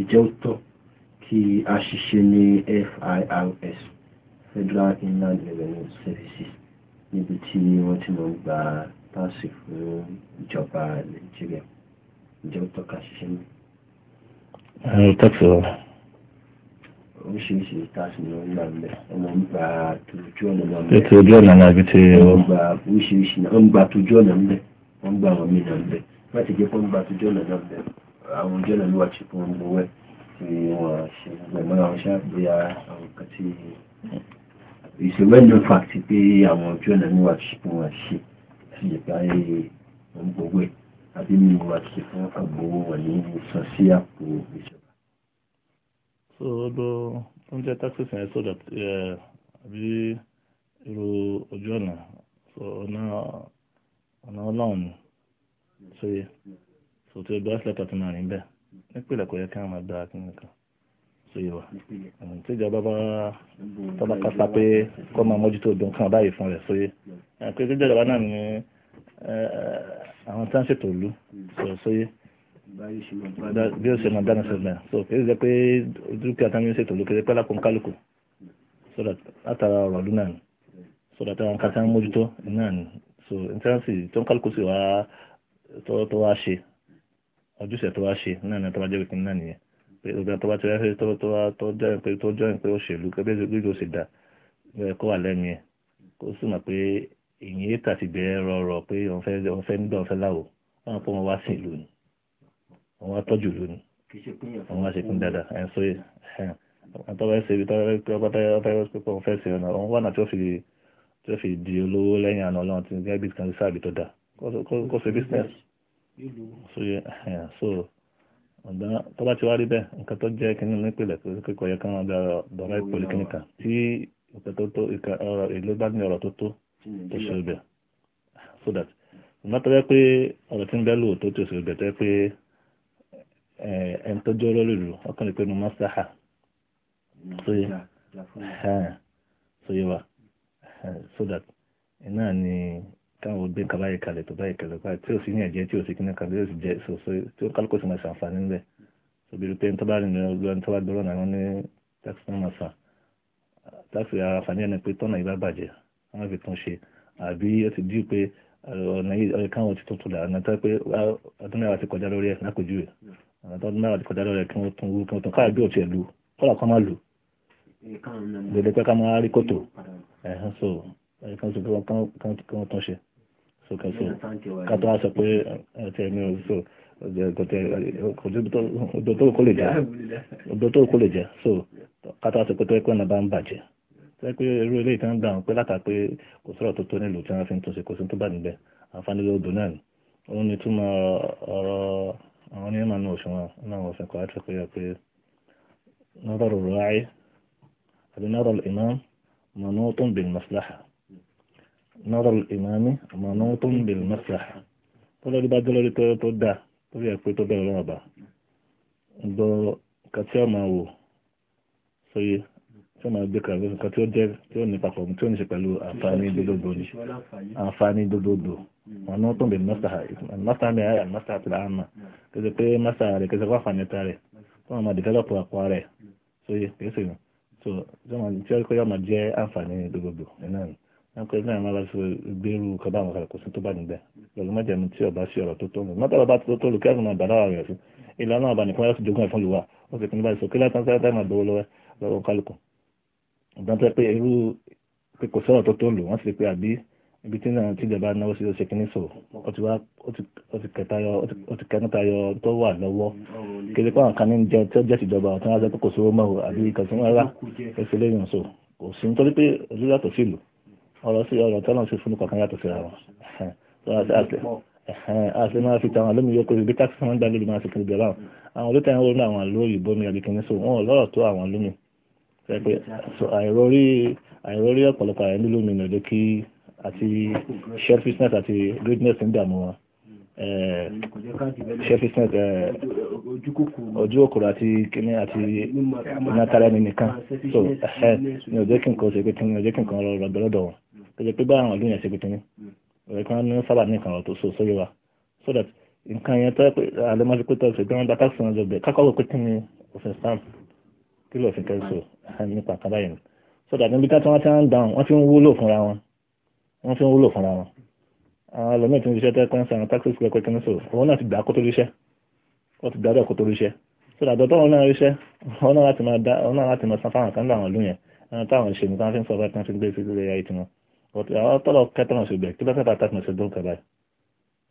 ìjẹ́ ó tọ́ kí a ṣiṣẹ́ ní FIRS Federal Inland Revenue Services níbi tí wọ́n ti mọ̀ ń gba táàsì fún ìjọba Nàìjíríà ìjẹ́ ó ká ṣiṣẹ́ náà. ẹ̀rọ tẹ́tù rẹ̀ oríṣiríṣi ni wọ́n gbà ńbẹ̀ ọmọ ń gba tójú ọ̀nà náà ńbẹ̀ tójú ọ̀nà náà ibi tí wọ́n gba oríṣiríṣi náà wọ́n gba tójú ọ̀nà ńbẹ̀ wọ́n gba àwọn mí náà ńbẹ̀ láti jẹ́ kó ń gba tójú ọ̀nà náà ńbẹ̀ àwọn ojú ọ̀nà olúwa ṣe fún gbogbo wẹ̀ tí wọ́n ṣe gbẹ̀mọ́ àwọn iṣẹ́ àgbéyà àwọn kan tí it's a well known fact pé àwọn ojú ọ̀nà olúwa ṣe fún wọn ṣe sí ìgbà wọn gbogbo ẹ̀ àbí mi wà ṣe fún àgbòwò wọn ní sọ sí àpò ìjọba. so ọdọ oúnjẹ taxes yẹn so that eh, àbí. so bracelet ọ̀tún máa rìn bẹ́ẹ̀ nípìnlẹ̀ kò yẹ kí wọ́n máa gba kí nǹkan so yìí wà tíjọba bá tọ́ba kápá pé kọ́ máa mójútó obìnrin kan báyìí fún rẹ̀ so yìí pé tíjọba náà ní àwọn tí wọ́n ṣètò ìlú so yìí bí ó ṣe máa dáná sí ọgbà so kì í ṣe pé dúkìá táwọn yóò ṣètò ìlú kì í ṣe pé lápò ń kálukú so látara ọ̀rọ̀ ọdún náà ni so látara nǹkan tí wọ́n mójútó náà ni so ní tí wọ́n sì tó ń kálukú sì wá tó wá ṣe ojúṣe tó wá ṣe náà ni tó bá jẹ́ pé náà nìyẹn pé tó bá ti rẹ́ tó tó tó jọyìn pé tó jọyìn pé òṣèlú pé bí ó ṣe dà kó wà lẹ́nu yẹn kó sì mọ̀ pé ìyìn ètà ti bẹ̀rẹ̀ rọrọ pé òun fẹ́ nígbà òun fẹ́ láwò wọn pọ̀ wọn wá sí ìlú ni wọn wá tọ́jú ìlú ni wọn wá ṣe pín dáadáa ẹ̀ ń sọ yẹn àtọ́wọ́ ẹ̀ṣẹ̀ ibi tọ́wọ́ pé ọba tọ́wọ́ pé ọba fẹ́ ṣe ọ̀nà òun wà náà tí ó fi tí ó fi di olówó lẹ́yìn àná ọlọ́run tí gẹ́gẹ́ bí kan sáàbì tó dáa kó ṣe business. ìlú. so ọ̀dà tó bá ti wá rí bẹ́ẹ̀ nǹkan tó jẹ́ kínní nípìnlẹ̀ tó tí nǹkan tó tó ọ̀rọ̀ ìlú bá ní ọ̀rọ̀ tó tó tó ṣe bẹ̀ so that ìmọ̀ tó yẹ pé ọ̀rọ̀ tí ń bẹ́ tó ṣe tó yẹ pé ẹni tó jẹ́ olórí ìlú táwọn gbé kaba yìí kalẹ̀ tó báyìí kalẹ̀ tí o sì ní ẹ̀jẹ̀ tí o sì kíni kalẹ̀ tí o sì jẹ soso tí o kálukó sì máa ṣàǹfààní ńbẹ obìnrin pé nítorí báyìí nìyẹn olúwa nítorí báyìí dọ́rọ̀ náà ní táàkì náà máa sàn táàkì ara fàní ẹni pé tọ́nà yìí bá bàjẹ́ wọ́n fi tún ṣe àbí ẹ ti dí pé ọ̀nà yìí ọ̀yẹ̀ káwọn ti tuntun là ọ̀nà tó pé ọdún mẹ́wàá ti kọjá lórí ẹ̀ lápèjúwe ọ̀nà tó ọdún mẹ́wàá ti kọjá lórí ẹ̀ kí wọ́n tún wú kí wọ́n tún káàbí ọ̀tí ẹ̀ lu kọ́là kan máa lù lè lè pẹ́ so ka so ka tó a sọ pé ẹtẹ mi ò so kòtẹ odò tó kò lè jẹ odò tó kò lè jẹ so ka tó a sọ pé tó ẹkọ náà bá ń bàjẹ́ tó ẹ pé irú eléyìí tó ń dà wọn pé látà pé kò sọ̀rọ̀ tó tó nílùú tí wọ́n fi ń túnṣe kò sí tó bá níbẹ̀ àǹfààní ló náà ni òun ni túmọ̀ ọ̀rọ̀ àwọn onímọ̀ náà òṣùwọ̀n náà wọ́n fi kọ́ àti pé pé nọ́rọ̀ rọ̀ ráyé àbí nọ́rọ̀ ìmọ̀ mọ̀nú tó ń bè maslaha nọ́rọ̀ ìmáàmí ọ̀mọ̀nà tó ń bèèrè mọ́sàáhà tó lọ́rí bá jẹ́ lórí tó dáa tó fi ẹ̀pẹ́ tó bẹ̀rẹ̀ lọ́wọ́ bá gbọ́ kàtí ọmọ wò sóye tí ó máa gbé kàwé nǹkan tí ó jẹ́ tí ó ní papọ̀ tí ó ní ṣe pẹ̀lú àǹfààní dòdòdò ni àǹfààní dòdòdò wọn náà tó ń bèèrè mọ́sàáhà mọ́sàáhà mi àyà mọ́sàáhà ti láhàn mà kéde pé mọ́sàáhà rẹ̀ kéde wáfà níta rẹ̀ tó máa dìvẹ́lọ́pù àpò rẹ̀ sóye kìí sì nù tó tí ó máa jẹ́ àǹfààní dòdòdò nínú àná wọn kọ ẹgbẹ́ àwọn aláṣọ gbèrú kọba àwọn kàlàkùn sí tó bá nígbà pẹ̀lú mọ́jẹ̀mú tí ọba sí ọ̀rọ̀ tó tó nù mọ́tàlá bá tó tó lù kẹ́rù náà bàdá rẹ̀ fún ilé ọlọ́run bá nìkan yóò sì jogún ẹ̀ fún ìwà ó sì pinnu báyìí sọ kílá tán sáré máa dọwọ́ lọ́wọ́ lọ́wọ́ kálukú ìgbà tó pé irú pé kò sọ̀rọ̀ tó tó lù wọ́n sì pé àbí ibi tí náà tí ìjọba náwó sí ṣe kínní sọ̀rọ̀ ó ti kẹta tayọ tó wà lọ́wọ́ ó jẹ́ ìjọba ọ̀tún wá sọ pé ọ̀rọ̀ sí ọ̀rọ̀ tọ́lọ̀ sí fún kọ̀ọ̀kan yàtọ̀ síra wọn a sì máa fi tàwọn alómi yókù bí káàkiri máa ń dá lóbi máa sì kiri bẹ̀rẹ̀ àwọn olóòtú àwọn olóòtú àwọn lórí ìbomi àbí kìíní so wọn ò lọ́rọ̀ tó àwọn lómi pẹ́pẹ́ àìrórí ọ̀pọ̀lọpọ̀ àyẹ̀ nílò mi nàdé kí àti selfishness àti greatness ń dààmú wọn selfishness eh, ojú òkúrò àti kíní àti ìmọ̀tara ẹni nìkan so ní ọjọ́ kí nǹkan ṣe pé kí ní ọjọ́ kí nǹkan lọ́dọ̀ wọn tẹ̀lé pé báwọn ọdún yẹn ṣe gbẹ̀tẹ̀ hmm. ní ọ̀rẹ́ kan ní sábà ní ìkànnì tó so sórí wa so that nǹkan yẹn tọ́ pé àlẹ́mọ́sí pé tọ́sí bí wọ́n bá táksì wọn jọ kákọ́ wò pé kí ni òfin stamp kí ló òfin kẹ́sọ̀ hmm. nípa kan báyìí so that níbi táwọn ti ń dáhùn wọ́n ti ń wúlò fúnra wọn wọ́n ti ń wúlò fúnra wọn àwọn ẹlòmíì tí ń ṣiṣẹ́ tẹ́ pẹ́ńsì àwọn táksì pẹ́ pẹ́ kí ni so náà ti gbà kó kó tó that dọ̀tọ́ òun náà ríṣẹ́ òun náà láti máa san fáwọn kan láwọn ìlú yẹn táwọn ṣe nǹkan fi ń sọ bá tí wọ́n fi but àwọn tọ́lọ̀ kẹta náà ṣe bẹ̀ kí lọ́kẹ́ta tá a ti máa ṣe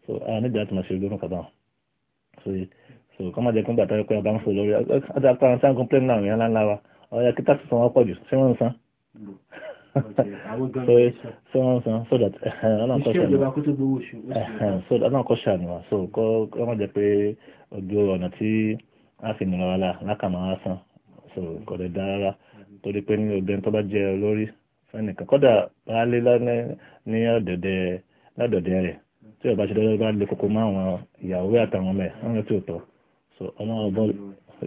so àwọn nígbà tí máa ṣe dúró kẹta so so kọ́ máa jẹ́ kó gbàtà pé ọba ń fò lórí ọjà pé àwọn sáà ń complain náà yẹn ńláńlá wa ọjà kí táàkì san wọn pọ̀ jù ṣé wọ́n ń san so ṣé wọ́n ń san so that ọlọ́run kọ́ ṣàánú wa so kọ́ máa jẹ́ pé ojú ọ̀nà tí a fi nìyànjú wa lákàmọ́ wa san so kò lè dá rárá torí pé ní obìnrin tó bá jẹ́ olórí fẹ́nìkan kọ́dà baálé ní ọ̀dọ̀dẹ ládọ̀dẹ rẹ̀ tí ọba ṣe dọ́dọ́ bá lè kókó mọ́ àwọn ìyàwó àtàwọn ọmọ ẹ̀ wọ́n ti tọ̀ so ọlọ́wọ́ bọ́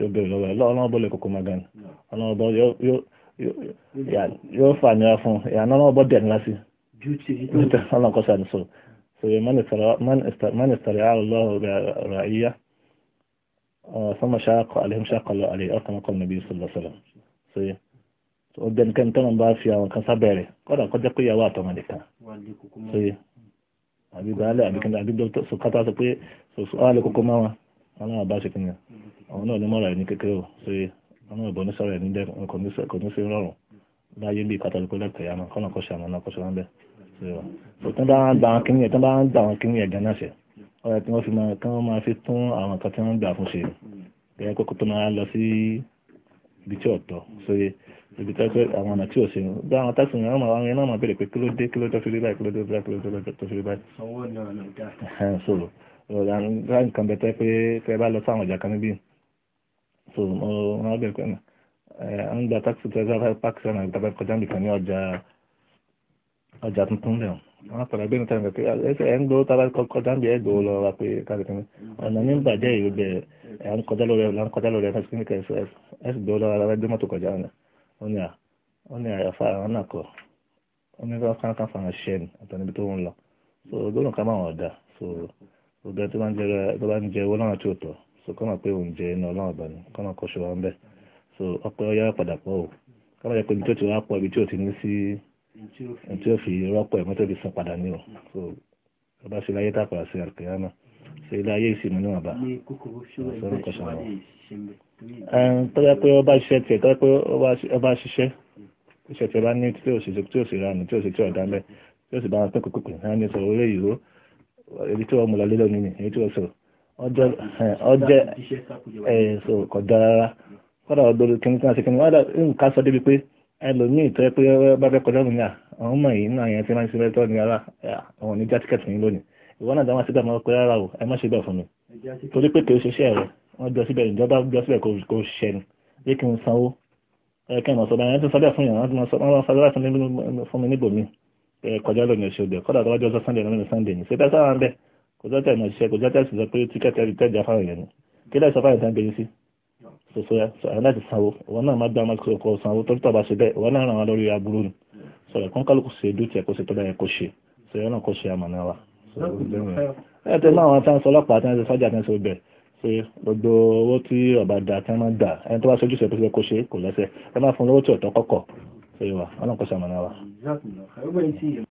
yóò bẹ̀rẹ̀ lọ́wọ́ ẹ̀ ọlọ́wọ́ bọ́ lè kókó mọ́ gan ọlọ́wọ́ bọ́ yóò fà nira fún ìyànà ọlọ́wọ́ bọ́ dẹ̀ ńlá sí ọlọ́kọ́sà ni so so man istariya allahu ra'iya sama shaqa alihim shaqa alaihi akama kọlu nabi sallallahu alaihi wasallam so ọjọ́ nìkan tó ń bá fi àwọn kan sábẹ́rẹ̀ kọ́dà kọjá pé ìyàwó àtọmọ nìkan ṣe àbí baálẹ̀ àbí kí àbí dókítà sọkátà sọ pé sọsọ àlẹ kókó máa wọn wọn náà bá ṣe kí ni àwọn náà ní mọ́ra ẹ̀ ní kékeré o ṣe wọn náà bọ̀ ní sọ̀rọ̀ ẹ̀ ní jẹ́ kò ní sí rọrùn láyé bí kátàlù kó lẹ́kọ̀ọ́ yàmà kọ́nà kọ́ṣe àmọ́ náà kọ́ṣe wọn bẹ́ẹ̀ ṣe wọn. tán bá ń gba àwọn kìnìyàn tán bá ń gba àwọn kìnìyàn gan náà ṣe ọ̀rẹ́ tí wọ́n fi máa kí wọ́n máa fi tún àwọn kan tí wọ́n ń gbà fún ṣe gẹ́gẹ́ kókó tó máa lọ sí ibi tí ọ̀tọ̀ sóye ibi tí àwọn ọ̀nà tí ò sí irun bí àwọn táṣì ìrìn ọmọ àwọn ẹran máa bèrè pé kí ló dé kí ló tó fi rí báyìí kí ló tó fi rí báyìí kí ló tó fi rí báyìí. sanwó ni ọ̀nà ìdá. sọ̀rọ̀ ọ̀rọ̀ nǹkan bẹ̀tẹ̀ pé tẹ́ bá lọ sáwọn ọjà kan níbí sọ̀rọ̀ mo máa bẹ̀rẹ̀ pé wọ́n sọ̀rọ̀ ẹgbẹ́ nìkan pé ẹsẹ̀ ẹ̀ ń gbọ́ tábà kọjá ń bẹ ẹ̀ gbọ́ lọ wa pé káàkiri kan ọ̀nà ní bàjẹ́ ìlú bẹ̀ ẹ̀ ń kọjá lórí ẹ̀ ń kọjá lórí ẹ̀ fún mi kẹ́ ẹ̀ sì gbọ́ lọ́wọ́ ara ẹgbẹ́ mọ́tò kọjá ọ̀nà ó ní àyàfa àwọn náà kọ ó ní káwọn kan fara ṣẹ́ ni àtàwọn ibi tó ń lọ so gbọ́dọ̀ ká máa wọ̀ dà so gbogbo tó bá ń jẹ owó lọ́nà tí ò tọ́ so kọ́ máa pé òun jẹ iná ọlọ́run ọ̀bà ni kọ́ máa kọ́ ṣe wa ń so ọpẹ́ ọyá padà pọ̀ o kọ́ máa jẹ pé ibi tí ó ti wá pọ̀ tí ó fi rọ́pò ẹ̀mọ́ tó fi san padà ní o so ọba ṣe láyé tàpá sí àkèyàmà ṣe ilé ayé ìsinmi níwọ̀n bá sọ́run kọ́ sọ́run wọn. tọ́jà pé ọba ṣiṣẹ́ tiẹ̀ tọ́jà pé ọba ṣiṣẹ́ iṣẹ́ hmm. tiẹ̀ bá ní tí ò ṣiṣẹ́ tí ò sì ranù tí ò sì tí ò dá mẹ́ tí ò sì bá wọn pín kókòkò náà ní sọ̀rọ̀ orí ìró èyí tí wọ́n mú lọ lé lónìí èyí tí wọ́n sọ̀rọ̀ ọjọ́ ẹlòmíì tó yẹ pé bá fẹ́ kọjá òmìnira àwọn ọmọ yìí náà yẹn ti máa ń ṣe lẹ́tọ́ ní ara àwọn oníjà tíkẹ́tì yín lónìí ìwọ náà dáwọn síbẹ̀ máa pé rárá o ẹ má ṣe bẹ̀ fún mi torí pé kì í ṣiṣẹ́ rẹ wọ́n jọ síbẹ̀ ìjọba jọ síbẹ̀ kò ṣiṣẹ́ ni bí kí n sanwó ẹ kí n mọ̀ sọ́dọ̀ yẹn ti sọ́dọ̀ fún yàn wọ́n máa sọ́dọ̀ fún mi níbòmí kọjá lónìí oṣù bẹ̀ kọ́dà tó wájú ọjọ́ sunday lónìí sunday ni ṣe tẹ́sán wà ń bẹ̀ kò jọ́ tẹ̀ mọ̀ ṣiṣẹ́ kò jọ́ tẹ̀ sì sọ pé tíkẹ́tì ẹ̀ tẹ̀ jà fáwọn yẹn ni kí lẹ́ sọ fáwọn ìtàn gbé yín soso ya àwọn láti sanwó wọn náà má gbá ọmọ kò sanwó dókítà bá ṣe bẹ́ẹ̀ wọn náà ràn wọn lórí aburú ni sọ̀rọ̀ kán kálukú ṣe dúkìá kó ṣe tó bẹ́ẹ̀ kó ṣe sọ̀rọ̀ náà kó ṣe àmọ̀nà wa. ẹ tẹ́ máa wọn tán sọ ọlọ́pàá tán ṣe sọ́jà tán ṣe bẹ̀ ṣe gbogbo owó tí ọba dà tán máa dà ẹni tó bá ṣojú ṣe tó ṣe kó ṣe kò lẹ́sẹ̀ ẹ má fún lówó tí ọ̀tọ̀ kọ̀kọ̀ ṣe wà ọlọ́kọ̀ṣàmọ̀nà